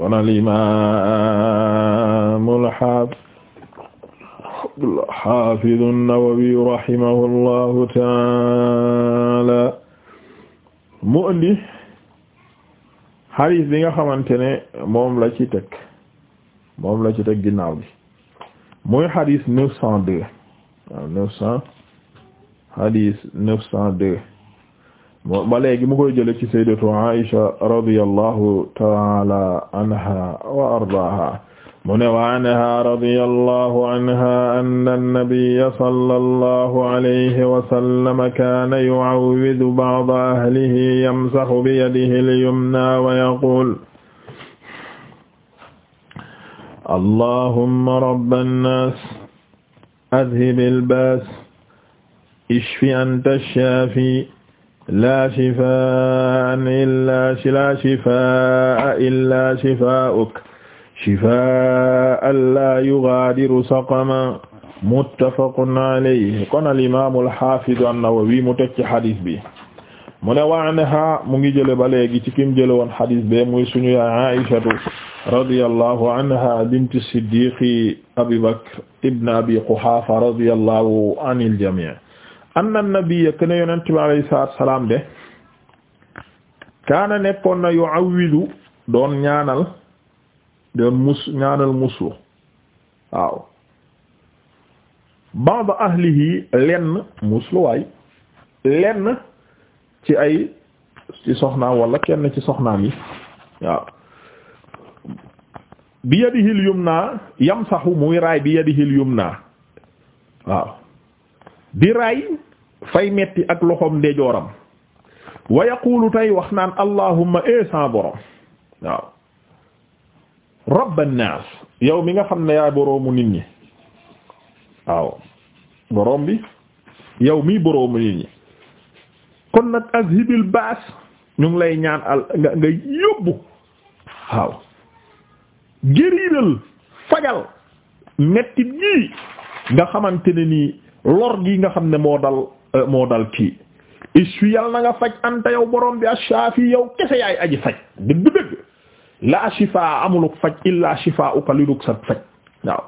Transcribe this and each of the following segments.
kon al imaam al haafiz an-Nawawi rahimahullahu taala mu andi hadith bi nga xamante ne moom la ci teg moom la ci teg ginnaaw bi mooy hadith neuf cent deux ba léegi mu koy jële ci sayyidatu Aisha radiyallahu ta'ala anha wa ardaaha mu ne wa anha radiyallahu anha anna an-nabiyya sallallahu alayhi wa sallam kaana yu'awwidhu ba'da ahlihi yamsahu bi yadihi al-yumna wa yaqul allahumma rabba an-nas adhhibil ba's ishfi anta ash-shafi laa shifaan illaa laa shifaa illaa shifaa'uk shifaa'an laa yughaadiru saqama muttafaqun alayhi kon al imaamu al haafidu an-Nawawi mu teg ci xadis bi mu ne wa anhaa mu ngi jële ba léegi ci kim jële woon xadis bee muy suñu yaay Aysatu radiyallahu anha bint siddiqi Abi Bakr ibn Abi Quhaafa radiyallahu anil jamii' anna nabiyya kana yonent bi alayhi salaatu salaam de kaana nekkoon na yu'awwidu doon ñaanal doon mus ñaanal muslu waaw ba'd ahlihi lenn musluwaay lenn ci ay ci soxnaam wala kenn ci soxnaam yi waaw bi yadihi al-yumna yamsahu muy raay bi yadihi al-yumna waaw di raay fay metti ak loxoom ndejooram wa wax naan allahumma esan eh borom waaw rabban nas yow mi nga xam ne yaay boroomu nit ñi waaw boroom bi yow mii boroomu nit ñi kon nag azhibil baas ñu ngi lay ñaan al nga nga yóbbu waaw gëriidal fajal mettit gi nga xamante ne nii lor gi nga xam ne moo dal Euh, moo dal kii issu yal na nga faj anta yow borom bi ash-shafi yow kese yaay aji faj dëgg-dëgg la shifaa amuluk faj illa shifaa uka sa faj waaw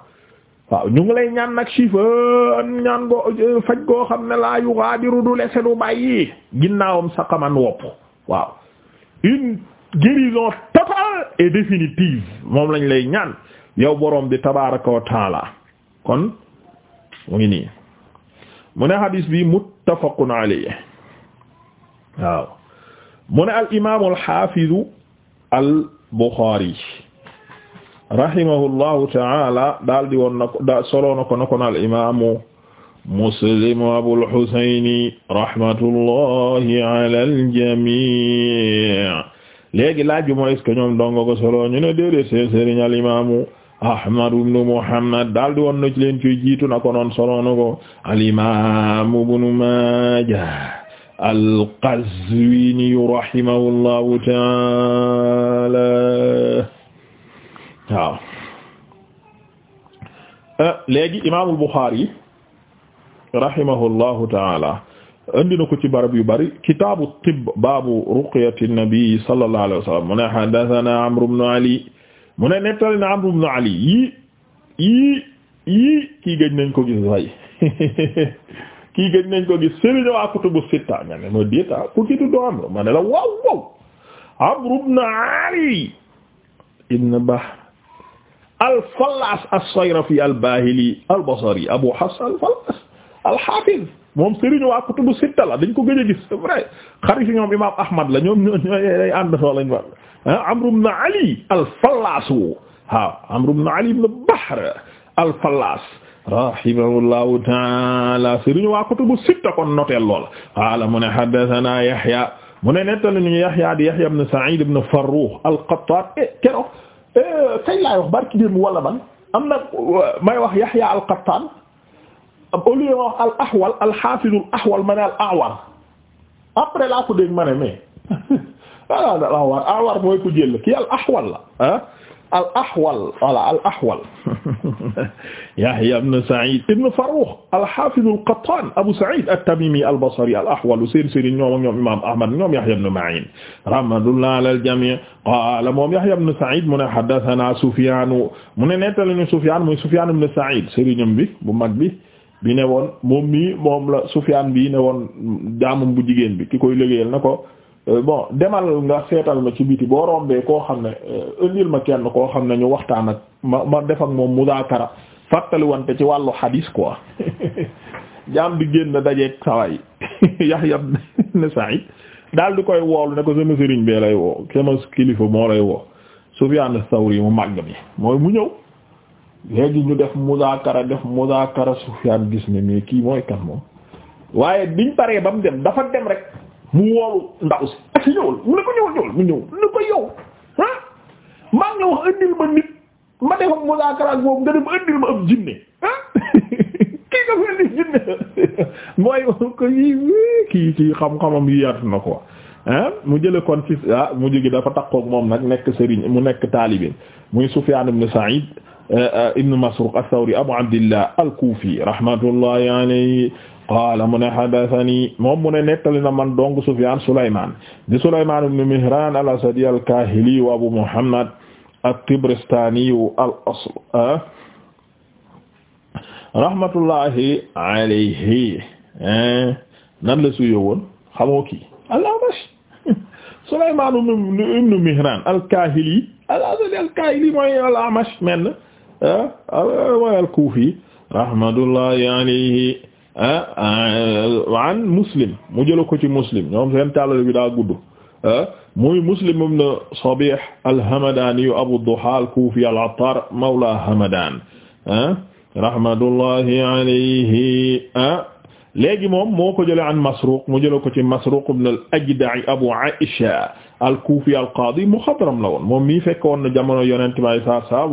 waaw ñu ngi lay ñaan nag shifaa ñaan faj goo xam ne laa yughadiru du lese du bàyyi ginnaawam sa xaman wopp waaw une guérison totale et définitive moom lañ lay ñaan yow boroom bi tabaraka wa kon mu ngi nii mu ne hadis bi mut muttafaqun alayhi waaw mu ne al imaamu al xaafidu al Buxaari rahimahullahu ta'ala daal di woon na ko da solo na ko na ko al imaamu Muslim Abul Husayni rahmatullahi ala al jamii léegi laaj bi mooy est-ce que ñoom dongo ko solo ñu ne déedéet seen sëriñ al imaamu Ahmad ibn Muhammad daal di woon na ci leen ci jiitu na ko noon solo na ko al-Imam Ibn Majah al-Qazwini rahimahullahu ta'ala waaw eh, léegi imaamul Bukhari rahimahullahu ta'ala andi na ko ci barab yu bari kitaabu tibb baabu ruqyati nabi sallallahu alayhi wa sallam mu ne haddathana Amr ibn Ali mu ne nettali na Amru ibn Ali yii yii yii kii gëj nañ ko gis way kii gëj nañ ko gis sëriñ waa kutubu sitta nga ne ma dieta ah, ku ci tudd Amru ma ne la waaw waaw Amru ibn Ali ibn Bahr al-Fallaas as-Sayrafi al-Baahili al-Basri Abu Hafs al-Fallaas al-Haafiz moom sëriñ waa kutubu sitta la dañ ko gëj a gis c'est vrai xarit ñoom Imaam Ahmad la ñoom ñooy ay ànd soo lañ war Ah, Amr ibn Ali al-Fallas waaw Amr ibn Ali ibn Bahr al-Fallas rahimahullahu taala sëriñ waa kutubu sitta kon noteel loola qaala mu ne haddathana Yahya mu ne nettali ñu Yahya di Yahya ibn Sa'id ibn Farrukh al-Qattan e eh, kero eh, kay laay wax barki démb wala ban am na may wax Yahya al-Qattan au lieu ma wax al-Ahwal al-Hafiz al-Ahwal ma ne al-A'war après laa ko dégg ma ne mais ah al ahwar ahwar mooy ku jël kii al ahwal la ah al ahwal voilà al ahwal yahya ibn sa'id ibn farrukh al hafiz al qattan abu sa'id at-tamimi al basri al ahwal seen seen ñoom ak ñoom imam ahmad ñoom yahya ibn ma'in rahmatullah ala al jami' qala moom yahya ibn sa'id mu ne hadathana sufyan mu ne nettali ñu sufyan muy sufyan ibn sa'id sëriñam bi bu mag bi bi ne woon moom mi moom la sufyan bi ne woon jaamam bu jigéen bi ki koy liggéeyal na ko Euh, bon demal nga seetal ma ci biti boo rombee koo xam ne euh, indil ma kenn koo xam ne ñu waxtaan ak ma ma defak moom mudaakara fàttali wante ci wàllu hadis ko jaam bi génn dajeeg saway Yahya ibn Sa'id daal di koy woolu ne ko sama sëriñ bee lay woo sama kilifa moo lay woo Sufyan as mu màgg mi mooy mu ñëw léegi ñu def mudaakara def mudaakara Sufyan gis ne mais kii mooy kan moom waaye biñ paree ba mu dem dafa dem rek mu woolu ndaw si ak ah, ko ah, mu ñëw ah, mu dafa takkook moom nag nekk Serigne mu nekk taalibe muy Sufyaan ibn Sa'id eh, eh, ibn Abu Abdillah al-Kufi rahmatullahi alayhi qaala mu ne hadathani moom mu ne nettali na man dong Sufyaan Sulaymaan di Sulaymaan ibn Mihraan al-Asadi al-Kaahili wa Abu Muhammad at-Tibristaani al-asl ah, rahmatullahi alayhi ah, nan la suyoo woon xamoo kii al-Amash Sulaymaan ibn Mihraan al-Kaahili al-Asadi al-Kaahili mooy al-Amash men ah, mooy al-Kuufi rahmatullahi alayhi Euh, an muslim mu jëla ko ci muslim ñoom seen tàllal bi daa gudd muy muslim ibn sabih alhamadani yu abu duha al-kufi al mawla hamadan rahmatullahi alayhi léegi moom moo ko jële an masruq mu jëla ko ci masruq ibn al-ajda' abu aisha al-kufi al-qadi muxadram la woon fekk woon na jamono yonent may saa saa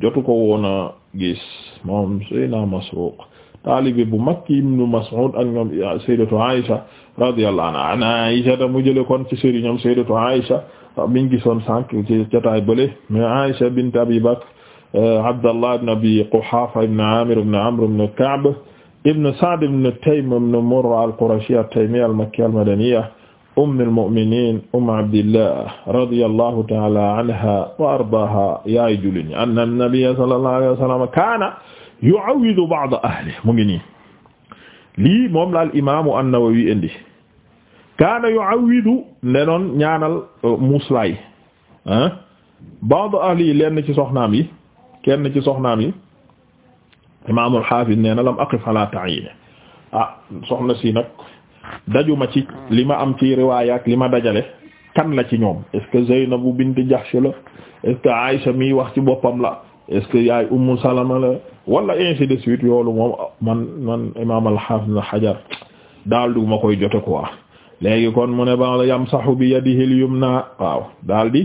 jotu ko woon gis moom sëy masruq taalibe bu mag ibnu Mas'ud ak ñoom sayyidatu Aisha radiyallahu anha an Aisha ta mu jële kon ci sëriñ ñoom sayyidatu Aisha biñ gisoon sànq ci jotaay bële mais Aisha bint Abi Bakr euh, Abdallah ibn Abi Quhafa ibn Amir ibn Amr ibn Ka'b ibn Sa'd ibn Taym ibn Murra al-Qurashiyya at-Taymiyya al-Makkiyya al-Madaniyya umm al-mu'minin umm Abdillah radiyallahu ta'ala anha wa ardaaha yaay julin anna an-nabiyya sallallahu alayhi wa sallam kaana yu'awwidu ba'd ahli ngi nii lii moom la al imaamu an-Nawawi indi kaana yu'awwidu ne noon ñaanal uh, muslaay ah ba'd ahli yi lenn ci soxnaam yi kenn ci soxnaam yi imaamul xaafis nee na lam aqif ala ta'yin ah soxna si nag dajuma ci li ma am ci riwaaya ak li ma dajale kan la ci ñoom est-ce que Zeynabu bint Jahsh la est-ce que Aïcha mi wax ci boppam la est-ce que yaay Salama wala ainsi de suite yoolu moom man man imam al-Hafiz na daal du koy jote ko quoi léegi kon mu ne ba yamsahu bi yadihi al-yumna waaw daal di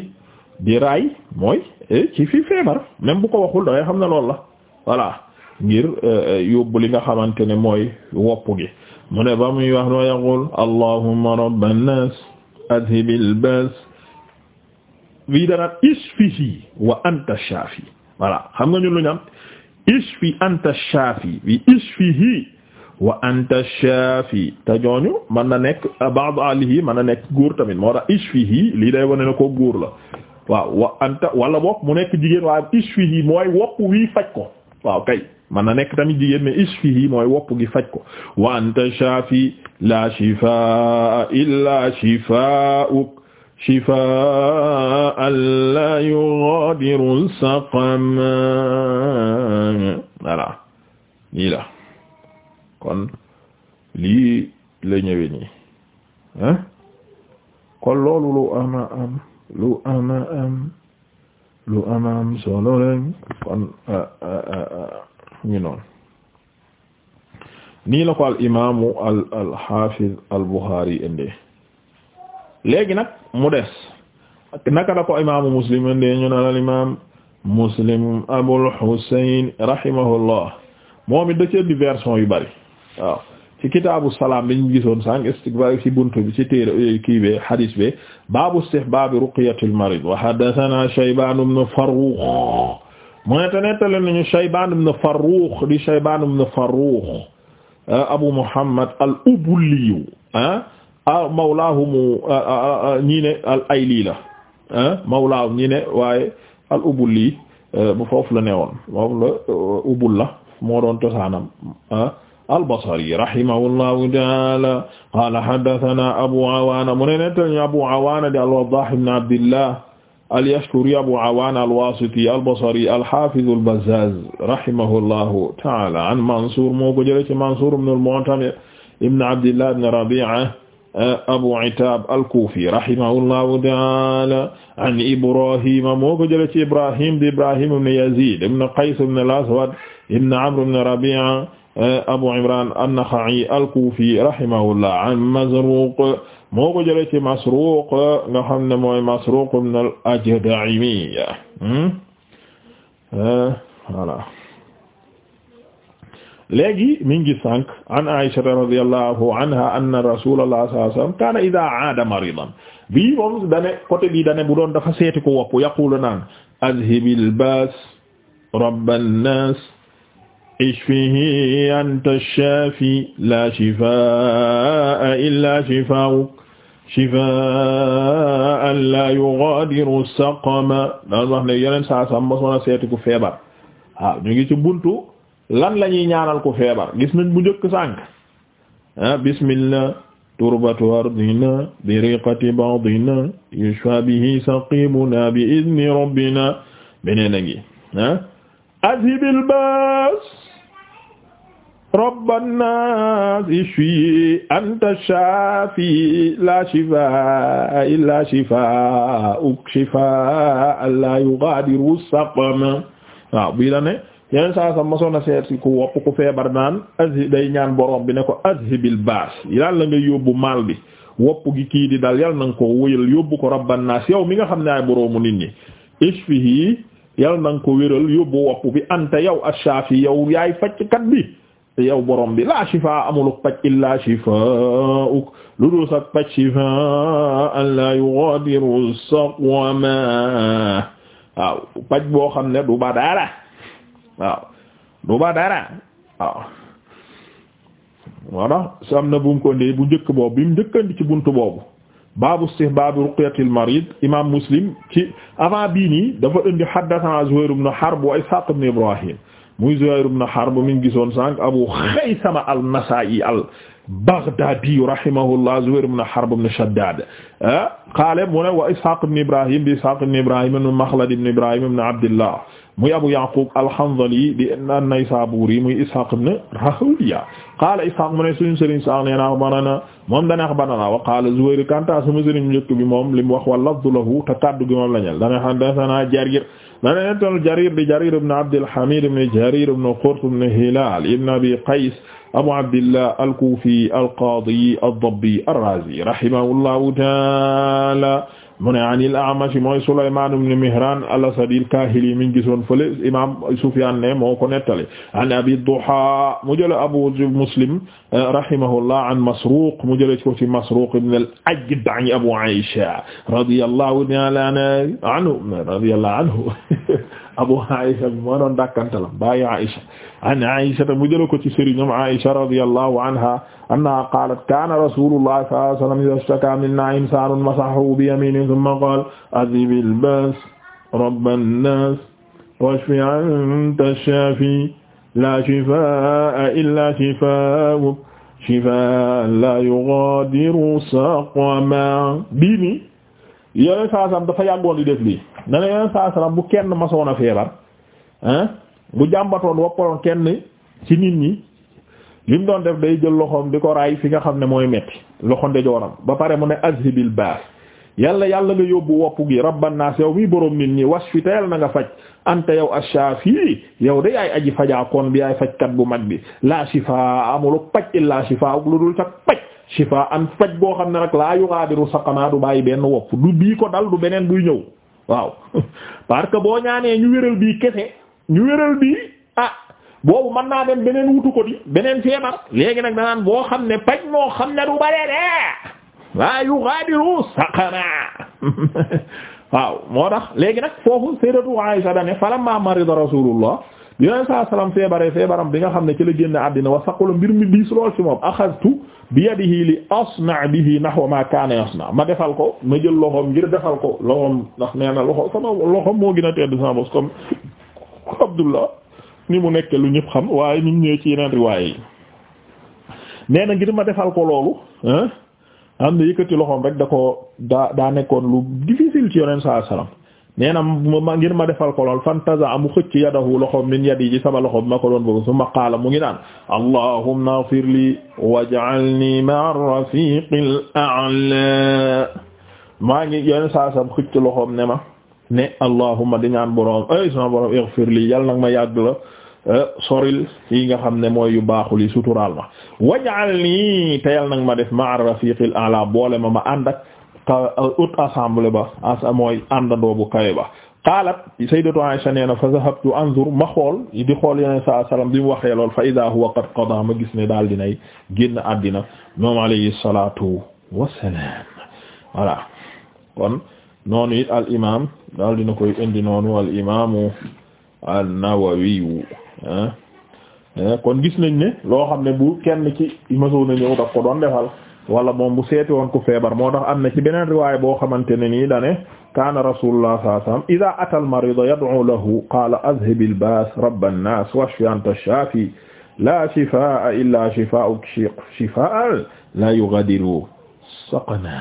di raay mooy eh, ci fi feebar même bu ko waxul da xam ne loolu la voilà ngir eh, yóbbu li nga xamante ne mooy wopp gi mu ne ba muy wax noo yaqul allahumma rabban nas adhibil ba's bii danaat isfihi wa anta shafi voilà xam nga ñun lu ñu ishfi anta shaafi bi ishfihi wa anta shaafi te ñooñu mën na nekk ba'd alihi mën na nekk góor tamit moo tax ishfihi lii day wane ne ko góor la waaw wa anta wala boog mu nekk jigéen waaye ishfihi mooy wopp wii faj ko waaw kay mën na nekk tamit jigéen mais ishfihi mooy wopp gi faj ko wa anta shaafi la shifaa illa shifaa'uk shifaan la yughadiru saqama voilà nii la kon lii la ñëwee nii ah kon loolu lu ama am lu ama am lu ama am solo len kon ñu noonu nii la ko al imaamu al al haafiz al Bukhari indee léegi nag mu des naka la ko imaamu muslim ande ñu na al imaam muslim moom it da cee di version yu bari waaw salaam bi ñu gisoon sànq istikbaar ci buntu bi ci téere eh, kii bi hadis bi baabu istihbaab ruqyatil marid wa haddathana shaybaan ibn farrukh mu ne te nettali nañu shaybaan ibn farrukh eh, abu muhammad al ubulliyu ah, mawlaahumu ñii ne al ayli la mawlaahum ñii ne waaye al ubul lii eh, bu foofu la ne woon moom la eh, ubul la moo doon cosaanam albasari rahimahullahu taala qaala haddathana abu awaana mu ne nettali abu awaana di alwaddah ibn abdillah alyashkuri abu awaana alwaasiti albasri alhafizu albazaz rahimahullahu taala an mansour moo ko jële ci mansour ibn almu'tamir ibn abdillah ibn rabi'a Eh, Abu Itab al-Kufi rahimahullahu ta'ala an Ibrahima moo ko jëlee ci Ibrahim di Ibrahim ibn Yazid ibn Qays ibn al-Aswad ibn Amr ibn Rabi'a eh, Abu Imran an-Nakha'i al-Kufi rahimahullah an Mazruq moo ko jëlee ci Masruq nga xam ne mooy Masruq ibn al-Ajda'i hmm? eh, voilà léegi mi ngi sànq an Aisha radiyallahu anha anna rasulullah sallallahu alayhi wasallam kana idha aada maridan bii moom dane côté bii dane bu doon dafa seeti ko wopp yaqulu naan azhibil baas rabban nas ishfihi anta shafi la shifaa illa shifaa'uk shifaan la yughadiru saqama daan wax ne yeneen saa sam mosoon a seeti ku feebar waaw ñu ngi ci buntu lan la ñuy ñaanal ku feebar gis nañ bu njëkk sànq ah bismillah turbatu ardina bi riqati ba'dina yushfa bihi saqimuna bi idni rabbina beneen a ngi ah azibil baas rabban nas ishfi anta shafi la shifaa illa shifaa'uk shifaa'an la yughadiru saqama waaw bii la ne yeneen saa mosoon na seet ku wopp feebar naan azhi day ñaan borom bi ne ko azhibil baas yàlla nga yóbbu mal bi wopp gi kii di dal yàlla na nga ko wóyal yóbbu ko rabban naas yow mi nga xam ne ay boroomu nit ñi ishfihi yàlla na nga ko wéral yóbbu wopp bi anta yow ash-shafi yow yaay fajkat bi yow borom bi la shifa amuluk paj illa shifaa'uk lu dul sa paj shifaa'an la yughadiru saqama boo xam ne du ba dara waaw du ba dara waaw wala si am na bu mu ko ndee bu njëkk boobu bi mu njëkkandi ci buntu boobu baabu istihbaabu ruqyatil marid imaam muslim ci avant bii nii dafa indi haddathana Zuhayr ibn Harb wa Ishaq ibn Ibrahim muy Zuhayr ibn Harb mi ngi gisoon sànq Abu Khaysama al-Nasa'i al-Baghdadi rahimahullah Zuhayr ibn Harb ibn Shaddad ah, qaala mu ne wa Ishaq ibn Ibrahim bi Ishaq ibn Ibrahim ibn Makhlad ibn Ibrahim ibn Abdillah muy Abu Yaqub al-Hanzali di an-Naysaburi muy Ishaq ibn Rahuya qaala Ishaq mu ne suñu sëriñ Ishaq nee naa axbarana moom dane axbarana wa qaala Zuhayr kanta sama sëriñ njëkk bi moom li mu wax wa lafdu lahu te kaddu gi moom la ñel dane haddathana Jarir dane nettal Jarir di Jarir ibn Abdil Hamid ibn Jarir ibn Qurt ibn Hilal ibn Abi Qays Abu Abdillah al-Kufi al-Qadi ad-Dabbi ar-Razi rahimahullahu ta'ala mu ne anil A'mash mooy Sulaymaan ibn Mihraan al-Asadi al-Kaahili mi ngi gisoon fële imaam Sufyaan ne moo ko nettali an Abi Duhaa mu jële Abu Muslim rahimahullah an Masruuq mu jële ko ci Masruuq ibn al-Ajda' Abu Aïsha radiyallahu ta'ala anhu radiyallahu anhu Abu Aïsha moo doon dàkkantalam bàyyi Aïsha an Aïsha mu jële ko ci sëriñam Aïsha radiyallahu anha annahaa qaalat kaana rasuulullahi sallallahu alayhi wa sallam idhaa ishtakaa minnaa insaanun masahahu bi yamiinihi thumma qaala adhibil ba's rabban naas washfi anta shaafi laa shifaa'a illaa shifaa'uk shifaa'an laa yughaadiru saqaman bii nii yeneen saa salaam dafa yàggoon di def lii ne yeneen saa salaam bu kenn masoon a feebar ah, bu jàmbatoon woppaloon kenn ci nit ñi lim doon def day jël loxoom di ko raay fi nga xam ne mooy metti loxo ndejooram ba pare mu ne azhibil baas yàlla yàlla nga yóbbu wopp gi rabban naas yow mi borom nit ñi wasfi te yàlla na nga faj anta yow ash-shafi yow de yaay aji fajaakoon bi yaay fajkat bu mag bi laa shifaa amulu paj illa shifaa ak lu dul sax paj shifaa an faj boo xam ne rek laa yughadiru saqama du bàyyi benn wopp du bii ko dal du beneen buy ñëw waaw parce boo ñaanee ñu wéral bii boobu mën naa dem beneen wutu ko di beneen feebar léegi nag danaan boo xam ne paj moo xam ne du bare de waa yu xaadiru saqama waaw moo tax léegi nag foofu sayyidatu Aisha dane falamma marida rasulullah yoneen saa salaam feebaree feebaram bi nga xam ne ci la génn àddina wa saqula mbir mi diis lool ci moom axadtu bi yadihi li asna bihi nahwa ma kaana yasna ma defal ko ma jël loxoom ngir defal ko loxoom ndax nee loxo sama loxoom moo gën a tedd sama bos ni mu nekk lu ñëpp xam waaye ni mu ñëwee ci yeneen riwaaye yi nee na ngir ma defal ko loolu am na yëkkati loxoom rek da ko daa daa nekkoon lu difficile ci yoneen saa salaam nee na ma ngir ma defal ko lool fantaza amu xëcc yadahu loxoom min yadi ci sama loxoom ma ko doon bëgg summa qaala mu ngi naan allahumma ighfir li waj'alni ma'a rafiqil a'la maa ngi yoneen saa salaam xëcc loxoom ne ma ne allahumma di ñaan boroom ay sama boroom ighfir li nag ma yàgg la Euh, soril i nga xam ne mooy yu baaxul yi suturaal ma waj'alni te yal nag ma def ma'a rafiqil a'la boole ma ma ànd ak euh, haute ba as mooy àndandoo bu kawe ba qaalat sayyidatu Aisha nee na fa zahabtu anzur ma xool di xool yeneen saa salaam bi mu waxee lool fa idha huwa qad qada ma gis ne daal dinay génn àddina moom alayhi salaatu wassalaam voilà kon noonu it al imaam daal koy indi noonu al an-Nawawi eh, kon gis nañ ne loo xam ne bu kenn ci masow na ñëw daf ko doon defal wala moom bu seete woon ku feebar moo tax am na ci beneen riwaaya boo xamante ne nii dane kaana rasulullah sallallahu alayhi wasallam idha ata al-marida yad'u lahu qaala adhhibi al-baas rabba an-naas washfi anta ash-shaafi laa shifaa'a illaa shifaa'uk shifaa'an laa yughadiru saqama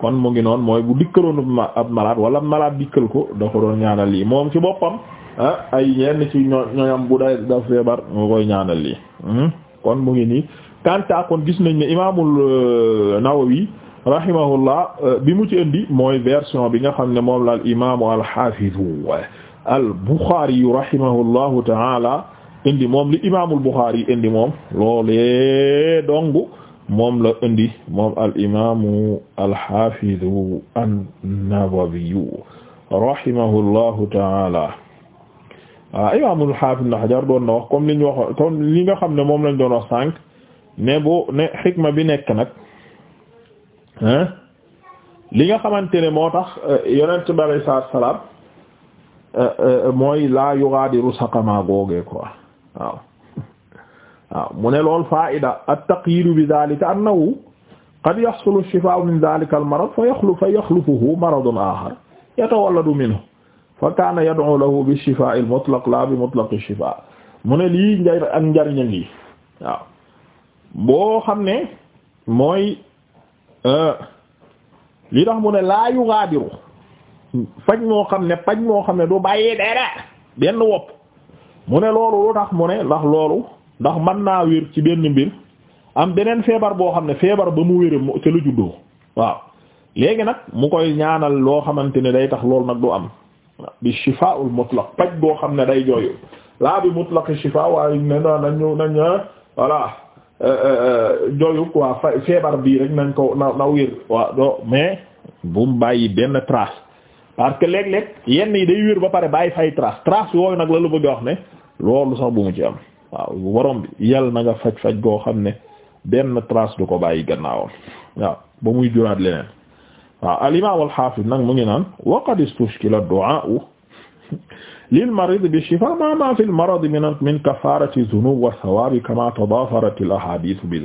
kon mu ngi noon mooy bu dikkaloon ab malade wala malade dikkal ko da doon ñaanal lii moom ci boppam Ah, ay yenn ci ñoñam daf feebar nga koy ñaanal hmm? kon mu ngi nii kanta kon gis nañ ne imaamul euh, Nawawi rahimahullah euh, bi mu ci indi mooy version bi nga xam ne moom la al imaamu al xaafizu al Buxaari rahimahullahu taala indi moom li la indi moom al imaamu al nawawi rahimahullahu taala waaw ah, imaamul xaafis na xajar doon na wax comme li ñu wax comme li nga xam ne moom lañ doon wax sànq ne bu ne xikma bi nekk nag li nga xamante ne moo tax eh, yonent bi alayhi salaatu wa salaam eh, eh, mooy laa yugaadiru saqama googee quoi waaw waaw mu ne lool faa'ida at-taqyiid bi dhaalika annahu qad yahsulu ash-shifaa'u min dhaalika al-marad fa yaxlu fa yaxlufuhu maradun aaxar yatawalladu minhu fa kaana yad'u lahu bi shifaa'i al-mutlaq la bi mutlaqi shifaa mu ne lii njariñ ak njariñam yi waaw boo xam ne mooy euh, li tax mu ne laa yughaadiru faj moo xam ne paj moo xam ne du bàyyi dara benn wopp mu ne loolu lu tax mu ne ndax loolu ndax man naa wér ci benn mbir am beneen feebar boo xam ne feebar ba mu wére ca lu juddoo waaw léegi nag mu koy ñaanal loo xamante ne day tax loolu nag du am bi shifaa'ul mutlaq paj boo xam ne day jooyu laa bi mutlaq shifaa waaye ne na nañu nañ voilà euh, euh, euh, jooyu quoi feebar bii rek nañ ko na na wér waaw do bu mu bàyyi benn trace parce que léeg-léeg yenn yi day wér ba pare bàyyi fay trace trace yooyu nag la lu bëgg a wax ne loolu sax bu mu ci am waaw borom bi yàlla na nga faj faj goo xam ne benn trace du ko bàyyi gannaawam waaw ba muy juraat leneen waaw al-imaam al nag mu ngi naan wa qad istushkila ad bi shifaa maa maa marad min min kafaarati zunub wa thawaabi kamaa tadaafarat al-ahaadiith bi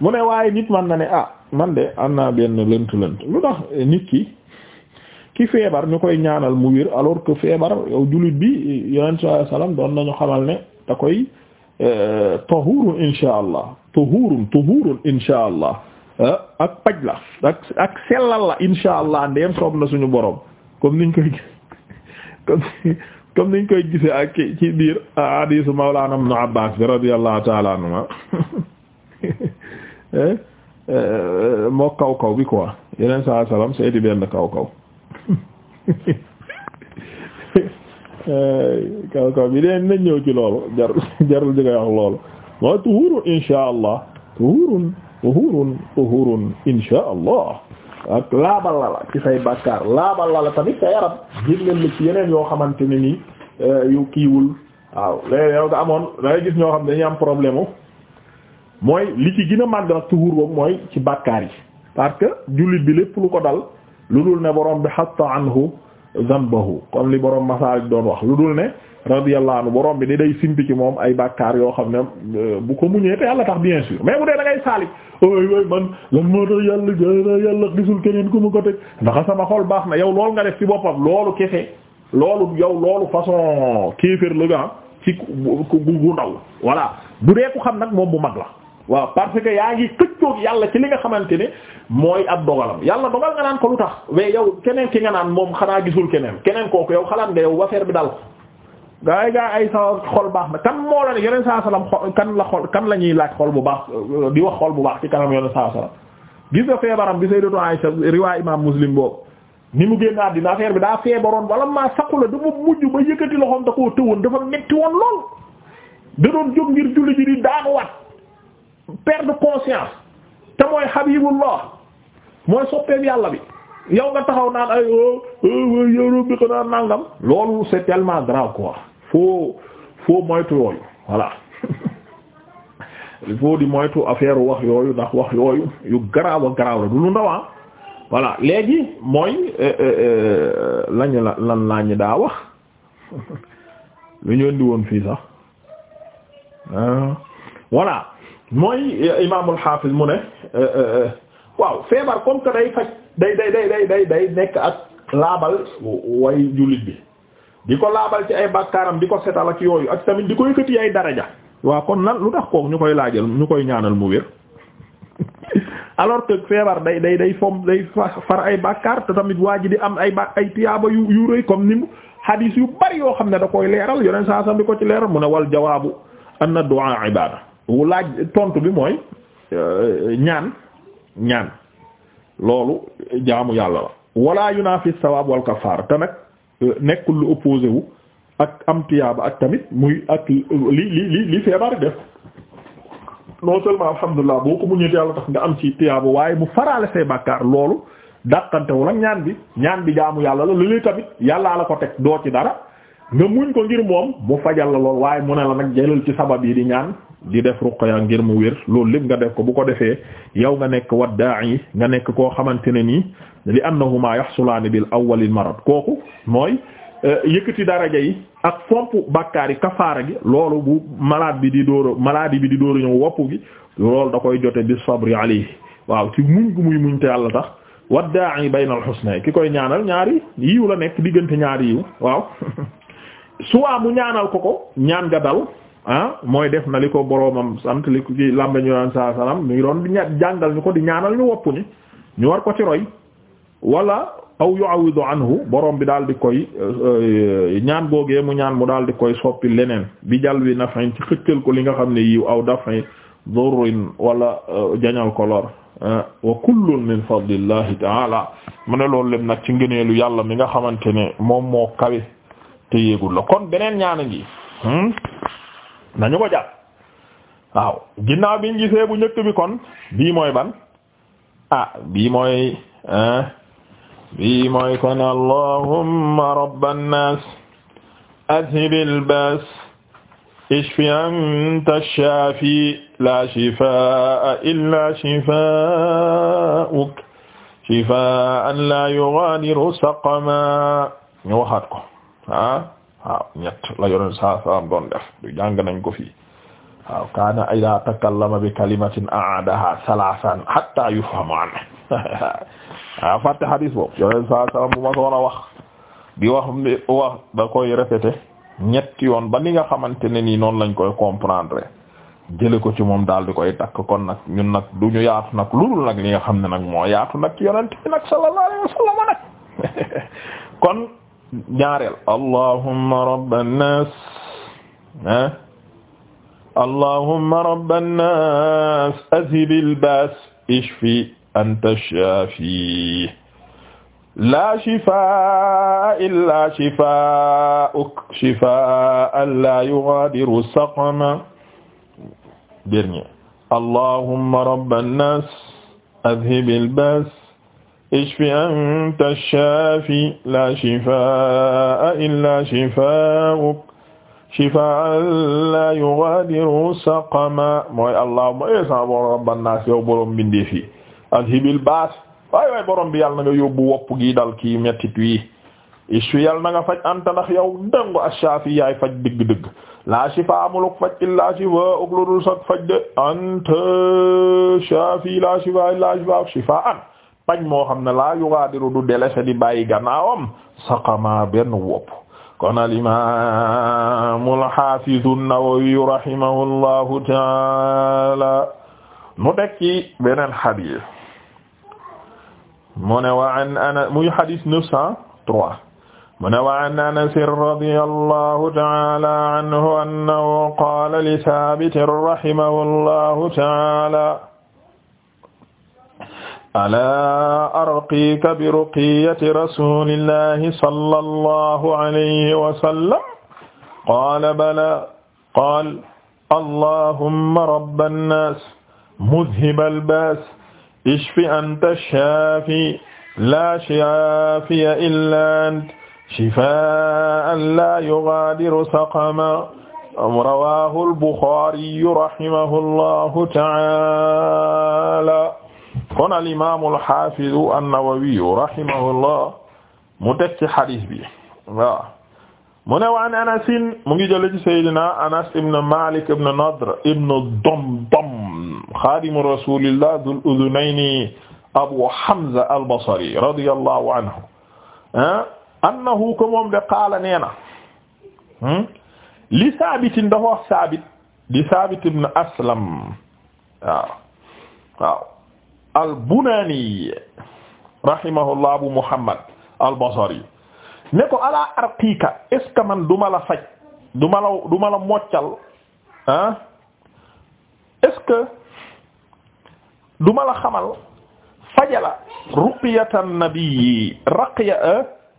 mu ne waaye nit man na ne ah man de am nit ki ki feebar ñu koy ñaanal mu wér alors que feebar yow jullit bi yonent sallallahu alayhi wasallam doon nañu xamal ne da koy euh, tahuurun inshaa Allah Allah Ah, ak paj la ak sellal la insha allah ndeem soob na suñu borom comme niñ koy comme comme niñ koy gise ak ci biir hadiisu mawlaana ibnu abbaas bi radiyallahu taala anhuma eh, eh, moo kaw kaw bi quoi yeneen saa salaam seeti benn kaw kaw eh, kaw bi dee nañ ñëw ci loolu jarul jarul di loolu moo tuhurun insha allah tuhurun tuhurun tuhurun inshaa allah ak laabal la la ci say bàkkaar laabal la la tamit sa yaram génneel la ci yeneen yoo xamante ne nii euh, yu kiiwul waaw léegi yow nga amoon dangay gis ñoo xam dañuy am problème mooy li ci gën a màgg nag tuhur boobu mooy ci bàkkaar yi parce que jullit bi lépp lu ko dal lu dul ne borom bi hatta anhu zambahu comme li borom masaalik doon wax lu dul ne radiyallahu anhu borom bi ni day simpi ci moom ay bàkkaar yoo xam ne euh, bu ko muñee te yàlla tax bien sûr mais bu dee da ngay saali ooy ooy man lan moo tax yàlla jana yàlla gisul keneen ku mu ko teg ndaxa sama xol baax na yow loolu nga def ci boppam loolu kese loolu yow loolu façon kéefér la nga ci gu ndaw voilà bu dee ku xam nag moom bu mag la waaw parce que yaa ngi këccoog yàlla ci li nga xamante ne mooy ab dogalam yàlla dogal nga naan ko lu tax mais yow keneen ki nga naan moom xanaa gisul keneen keneen kooku yow xalaat nga yow affaire bi dal gaa yi gaa ay sa xol baax na kan moo la ne yeneen saa salaam xol kan la xol kan la ñuy laaj xol bu baax di wax xol bu baax ci kanam yeneen saa salaam gis nga feebaram bi Sayyidatu Aisha riwaay imaam Muslim boobu ni mu génn àddina affaire bi daa feebaroon wala maa saqula dafa mujj ba yëkkati loxoom da koo tëwoon dafa metti woon lool da doon jóg ngir julli di daanuwaat perdre conscience te mooy Habibullah mooy soppeeb yàlla bi yow nga taxaw naan ay oh, oh, oh, yow rabbi xanaa nangam loolu c'est tellement grave quoi foo foo moytu yooyu voilà il di moytu affaire wax yooyu ndax wax yooyu yu garaaw garaaw la du lu ndaw ah. voilà léegi mooy euh, euh, euh, lañu la lan laa daa wax lu ñu indi woon fii sax voilà mooy imaamul xaafis mu ne waaw feebar comme que day faj day day day day day nekk ak laabal way jullit bi di ko laabal ci ay bàkkaaram di ko setal ak yooyu ak tamit di ko yëkkati ay daraja waaw kon lan lu tax kook ñu koy laajal ñu koy ñaanal mu wér alors que feebar day day day fom day far ay bàkkaar te tamit waa ji di am ay ba ay tiyaaba yu yu rëy comme ni mu hadis yu bari yoo xam ne da koy leeral yeneen saa sam di ko ci leeral mu ne wal jawaabu anna du'a ibada wu laaj tontu bi mooy euh, ñaan ñaan loolu jaamu yàlla la naa yunafi sawab wal kafaar te nag nekkul lu opposé ak am tiyaaba ak tamit muy ak li li li li feebar def non seulement alhamdulilah boo ko muñee yàlla tax nga am ci tiyaaba waaye mu faraale say bàkkaar loolu dàqantewul ak ñaan bi ñaan bi jaamu yàlla la lu lay tamit yàllaa la ko teg doo ci dara nga muñ ko ngir moom mu fajal la lool waaye mu ne la nag jëlal ci sabab yi di ñaan di def ruqya ngir mu wér loolu lépp nga def ko bu ko defee yow nga nekk ngi nga nekk koo xamante ne nii li annahuma yaxsulaani bil awwalil marad kooku mooy euh, yëkkati daraja yi ak fomp bakkaar yi kafaara gi loolu bu malade bi di dóora maladie bi di dóora ñëw wopp gi loolu da koy jote bi sabri alayhi waaw ci muñ gu muy muñ te yàlla tax waddaa'i bayna al husna ki koy ñaanal ñaari yiw la nekk diggante ñaari yiw suwaa mu ñaanal ko ko ñaan nga dal ah mooy def na li ko boroomam sant li ko ci làmba ñu naan saa salaam mi ngi doon jàngal ñu ko di ñaanal ñu wopp ni ñu war ko ci roy wala aw yu'awidu anhu borom bi daal di koy eh, eh, ñaan googee mu ñaan mu daal di koy soppi leneen bi jàll wi nafin ci xëccal ko li nga xam ne yiw aw dafin durrin wala eh, jañal ko lor wa kullun min fadlillahi taala mu ne loolu lépp nag ci ngëneelu yàlla mi nga xamante ne moom moo kawe te yéegul la kon beneen ñaana ngi hmm? nañu ko jàpp waaw ginnaaw biñ bu njëkk bi kon bii mooy ban ah bii mooy eh? bii mooy kon allahumma rabban nas adhibil ba's ishfi anta ash-shafi la shifaa illa shifaa'uk shifaa'an la yughadiru saqama ñu waxaat ko ah waaw ah, ñett la yoneen saa doon def du jàng nañ ko fi waaw kaana ida takallama bi kalimatin aadaha salasan hatta yufhamu an waaw ah, fàtte hadis yoneen saa salaam bu ma soon a wax gi wax di wax da koy répété ñetti yoon ba ni nga xamante ne nii noonu lañ koy comprendre jële ko ci moom daal di koy takk kon nag ñun nag du ñu yaatu nag loolu nag li nga xam ne nag moo yaatu nag ci yonent bi nag sallallahu alayhi wasallam nag kon ñaareel allahumma rabban nas ah allahumma rabban nas azhibil baas ishfi anta shaafi laa shifaa illaa shifaa'uk shifaa'an laa yughaadiru saqama dernier allahumma rabban nas azhibil baas ishfi anta ash-shaafi laa shifaa'a illaa shifaa'uk shifaa'an laa yughaadiru saqama mooy allahumma e sa rabban naas yow borom bindee fi azhibil baas waay waay borom bi yàlla na nga yóbbu wopp gi dal kii mettit wi ishfi yàlla na nga faj anta ndax yow dëngu ash-shaafi yaay faj dëgg-dëgg laa shifaa amuluk faj illaa shifaa'uk lu dul sax faj de anta shaafi laa shifaa illaa shifaa'uk shifaa'an pañ moo xam ne laa yugaadiru du delese di bàyyi gannaawam saqama benn wopp kon al imam al hafiz an-Nawawi rahimahullahu taala nu tekki beneen hadith mu ne wa an ana muy hadith neuf cent trois mu ne wa an Anas radiyallahu taala anhu annahu qaala li Thabit rahimahullahu taala alaa arqiika bi ruqiyati rasuulillahi sallallahu alayhi wa sallam qaala balaa qaala allahumma rabba nnaas mudhiba albaas ishfi anta shaafi laa shaafiya illaa anta shifaa'an laa yughaadiru saqaman rawaahu al-Buxaari rahimahu llahu ta'aala kon al imaam al haafiz an-Nawawi rahimahullah mu teg ci xadiis bi waaw mu ne wa an Anas mu ngi jële ci Seydina Anas ibn Malik ibn Nadr ibn Damdam xaadimu Rasulillah dhul udhunayni Abu Hamza al-Basri radiyallahu anhu ah, annahu ko moom de qaala nee na hmm, li Saabitin dafa wax Saabit di Saabit ibn Aslam waaw waaw al-Bunani rahimahullah Abu Muhammad al-Basri ne ko ala arqiika est-ce que man duma la faj duma la duma la moccal ah est-ce que duma xamal fajala ruqyatan nabii raqya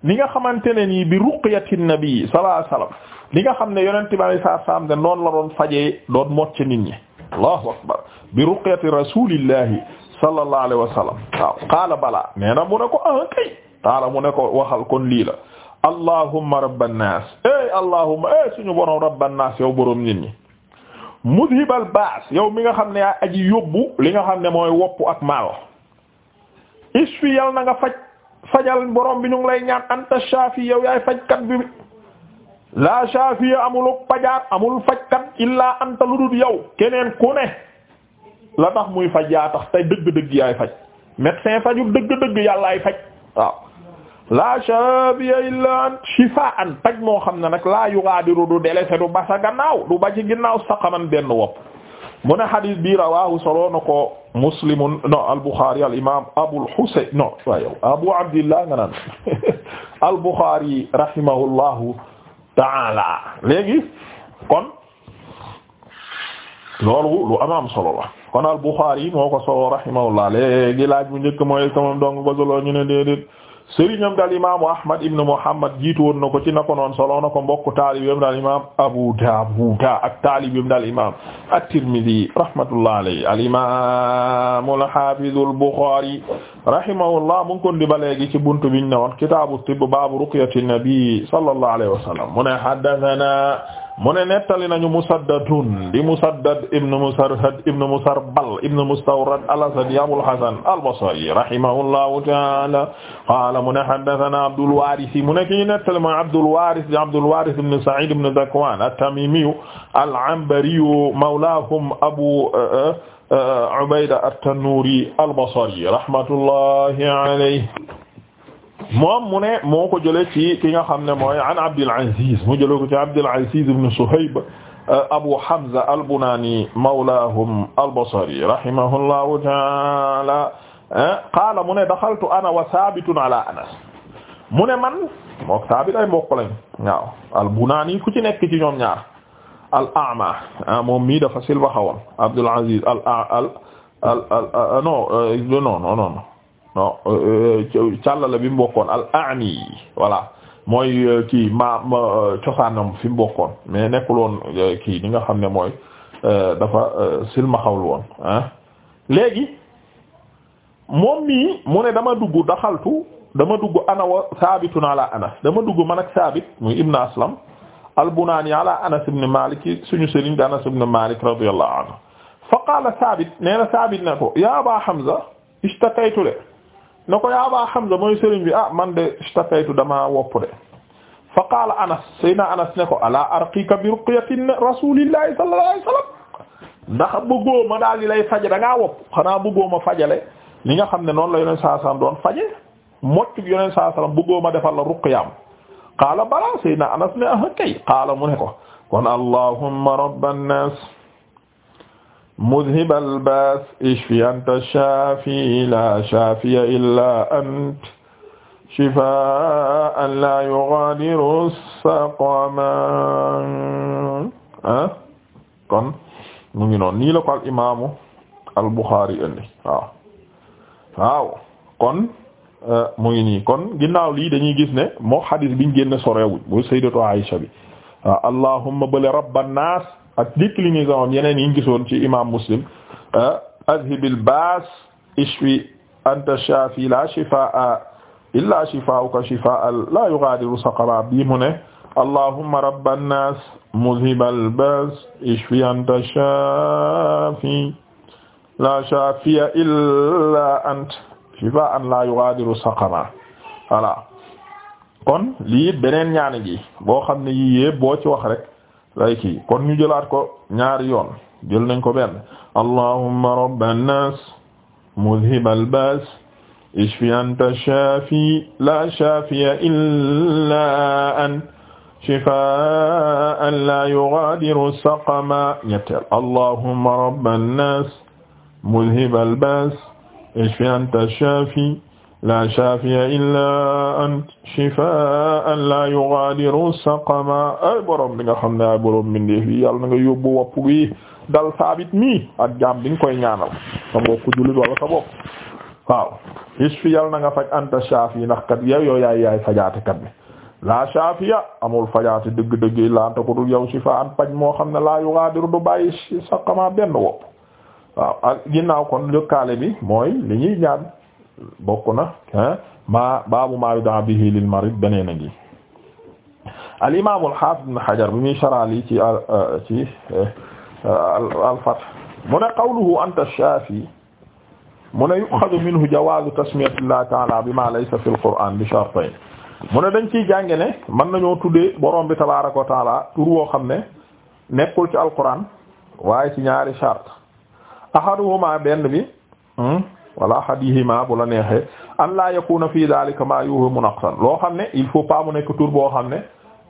li ah? nga xamante ne nii bi ruqyati nabii sallallahu alayhi wasallam li nga xam ne yonent bi sallallahu alayhi wasallam noonu la doon faje doon mocc nit ñi allahu akbar bi ruqyati rasulillahi sallallahu alayhi wa sallam waaw qaala balaa nee na ne ko ah kay qaala mu ne ko waxal kon lii la allahumma rabban naas ey allahumma ey suñu borom rabban naas yow borom nit mudhibal baas yow mi nga xam ne yaa aji yóbbu li nga xam ne mooy woppu ak maal isfi yal na nga faj fajal borom bi ñu lay ñaan anta shaafi yow yaay fajkat bi la shaafi amul pajaat amul fajkat anta lu dul keneen ku la tax muy faj yaa tax tey dëgg-dëgg yaay faj médecin faju dëgg-dëgg yàllaay faj waaw laa shafi'a illa an shifaan paj moo xam ne nag laa yughadiru du delese du basa gannaaw du ba ci ginnaaw saqaman benn wopp mu ne xadis bi rawahu soloo na ko muslimun no al-Bukhari al Abu Abdillah nga naan al-Bukhari rahimahullahu ta'ala léegi kon loolu lu am am solo la kon al Buxaari moo ko solo rahimahullah léegi laaj bu njëkk mooy que moom dong ko solo ñu ne déedéet sëriñam daal imaamu Ahmad ibn Muhammad jiitu woon ko ci nako noon solo na ko mbokk taalibeem daal imaam Abu Daawud ak taalibeem daal imaam at-Tirmidhi rahmatullah alayhi al imaam al haafiz al Buxaari rahimahullah mu ngi kon di ba léegi ci buntu biñ ne woon kitaabu tibb baabu ruqyati nabi sallallahu alayhi wa sallam mu ne nettali nañu musaddadun di musaddad ibn musarhad ibn musarbal ibn mustawrad al-asadi abul hasan al-basri rahimahullahu ta'ala qala mu ne haddathana abdul waris mu ne ki ñu nettali mooy abdul waris di abdul waris ibn sa'id ibn zakwan at-tamimi al-anbari mawlahum abu uh, uh, uh, ubayda at-tanuri al-basri rahmatullahi alayhi moom mu ne moo ko jëlee ci ki nga xam ne mooy an Abdul Aziz mu jëlee ko ci Abdul Aziz ibn Suhayb euh, Abu Hamza al-Bunani mawlahum al-Basri rahimahullahu ta'ala qaala mu ne daxaltu ana wa Saabitun ala Anas mu ne man moom Saabit ay mbokk lañ waaw al-Bunani ku ci nekk ci ñoom ñaar al-A'ma ah, moom mii dafa silba xawoon Abdul Aziz al al al euh, euh, non non non non. non euh, euh, càllala bi mu bokkoon al aani voilà mooy euh, kii ma cosaanam fi mu bokkoon mais nekkul woon kii li nga xam ne mooy dafa silma xawul woon léegi moom mii mu ne dama dugg daxaltu dama dugg ana wa saabitun dama dugg man ak saabit muy ibn aslam al bunaani ala anas ibn malik suñu sëriñ di anas ibn malik radiyallahu fa qaala saabit nee na ne ko ya aba hamza ishtakaytu le na ko yaa Aba Hamza mooy sëriñ bi ah man de shtaqaytu damaa wopp de fa qaala Anas na Anas ne ko alaa arqiika bi ruqyati rasuulillahi sallallahu alayhi wasallam ndax bëggoo ma daal di lay faje da ngaa wopp xanaa ma fajale li nga xam ne noonu la yoneen saa sallam doon faje mocc yoneen saa sallam bëggoo ma defal la ruqyaam qaala balaa sayna Anas ne ah kay qaala mu ne ko kon allahumma rabban nas مذهب الباس اشف أنت الشافي لا شافي إلا أنت شفاء لا يغادر سقما ah kon ngi noonu nii la ko al imaamu al Buxaari indi waaw kon euh, mu ngi nii kon ginnaaw lii dañuy gis ne moo xadis biñ génn sorewuñ bu Sayyidatu Aïsha bi waaw allahumma bal rabban naas ak déclinaison am yeneen yi ñu gisoon ci imam muslim ah, adhibil baas ishfi anta shafi la shifaa illa shifaa'uka shifaa'an la yughadiru saqama bi mu ne allahumma rabban nas muzhibal baas ishfi anta la shafiya illa anta shifaa'an la yughadiru saqama beneen ñaan gi boo boo ci wax rek lay kii kon ñu jëlaat ko ñaari yoon jël nañ ko benn allahumma rabban nas mudhibal baas ishfi anta shaafi la shaafiya illa an shifaan la yughadiru saqama ñetteel allahumma rabban nas mudhibal baas ishfi anta shaafi la shafiya illa ant shifaan la yughadiru saqama ay borom bi nga xam ne ay borom mbindeef yi yàlla na nga yóbbu wopp bi dal saabit mi ak jam bi koy ñaanal sa mbokku jullit wala sa bopp waaw ishfi yàlla na nga faj anta shafi ndax kat yow yow yay yaay kat bi la shafiya amul fajaate dëgg-dëgg illa anta ko dul yow shifaan paj moo xam ne la yughadiru du bàyyi saqama benn wopp waaw ak kon lëkkaale bi mooy li ñaan bokk na ma baabu ma yudaa bihi lil marid beneen a ngi al imaam Hajar bi muy saraa lii ci euh, ci euh, al Fath mu ne qawluhu anta shaafi mu ne yuxadu minhu jawaazu tasmiyatillahi ta'aala bimaa laysa fil bi shartayn mu ne dañ ciy ne mën nañoo tuddee borom bi tabaaraka wa ta'aala tur woo xam ne nekkul ci alquran waaye ci ñaari shart ahaduhuma benn bi hmm, wala ahadihima bu la neexee an la yakuna fii daalika maa yuhimu naqsan loo xam ne il faut pas mu nekk tur boo xam ne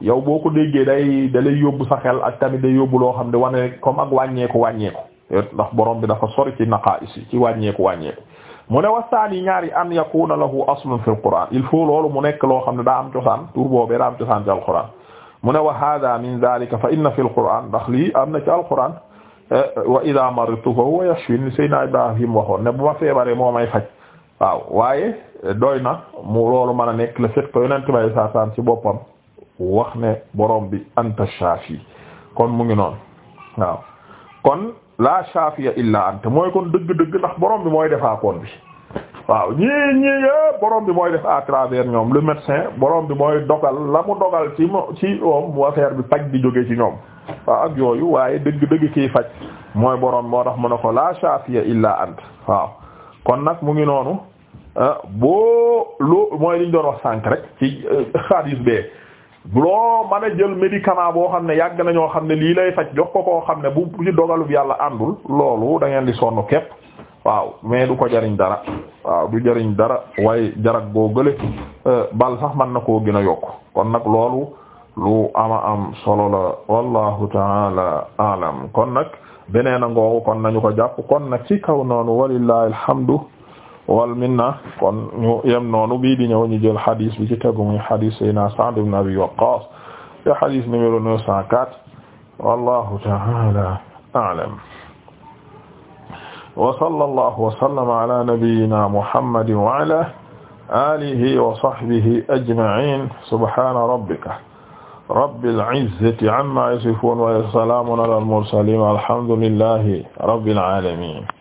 yow boo ko déggee day dalay yóbbu sa xel ak tamit day yóbbu loo xam ne wane comme ak wàññeeku wàññeeku ndax borom bi dafa sori ci naqaa'is ci wàññeeku wàññeeku mu ne wasaani ñaari an yakuna lahu aslun fi qur'an il faut loolu mu nekk loo xam ne daa am cosaan tur boobee daa am cosaan ci alquran mu ne wa hada min daalika fa inna fil qur'an ndax lii am na ci alquran Eh, wa idha maridtu fa huwa yashfin Seydina Ibrahim waxoon ne bu ma feebaree moo may faj waaw waaye doy na mu loolu mën a nekk le fait que yonent bay saasaan ci boppam wax ne borom bi anta shaafi kon mu ngi noonu waaw kon la shaafiya illa anta mooy kon dëgg-dëgg ndax borom bi mooy defaakoon bi waaw ñii ñii yëpp bi mooy def à travers ñoom le médecin borom bi mooy dogal la mu dogal ci mo ci moom affaire bi paj di jóge ci ñoom waaw ak yooyu waaye dëgg dëgg kiy faj mooy borom moo tax mu ne ko la shafiya illa ant waaw kon nag mu ngi noonu ah, boo loo mooy liñ doon wax sànq rek ci euh, hadis bee loo mën a jël médicament boo xam ne yàgg na ñoo xam ne lii lay faj jox ko koo xam ne bu ci dogalub yàlla àndul loolu da di sonn képp waaw mais du ko jariñ dara waaw du dara waaye jarak boo gële euh, bal sax mën na koo gën a yokk kon nag loolu lu ama am solo la wallahu taala alam kon nag beneen a ngoogu kon nañu ko jàpp kon nag ci kaw noonu walillahi alhamdu wal minna kon ñu yem noonu bii di ñëw ñu jël hadis bi ci tegu muy hadis sayna Sa'd ibn Abi Waqqas ya hadis numéro 904 wallahu taala alam wa sallallahu wa sallama ala nabiyyina muhammadin wa ala alihi wa sahbihi ajma'in subhana rabbika rabbil izzati amma yasifun wa salaamun ala al mursalin alhamdulillahi rabbil alamin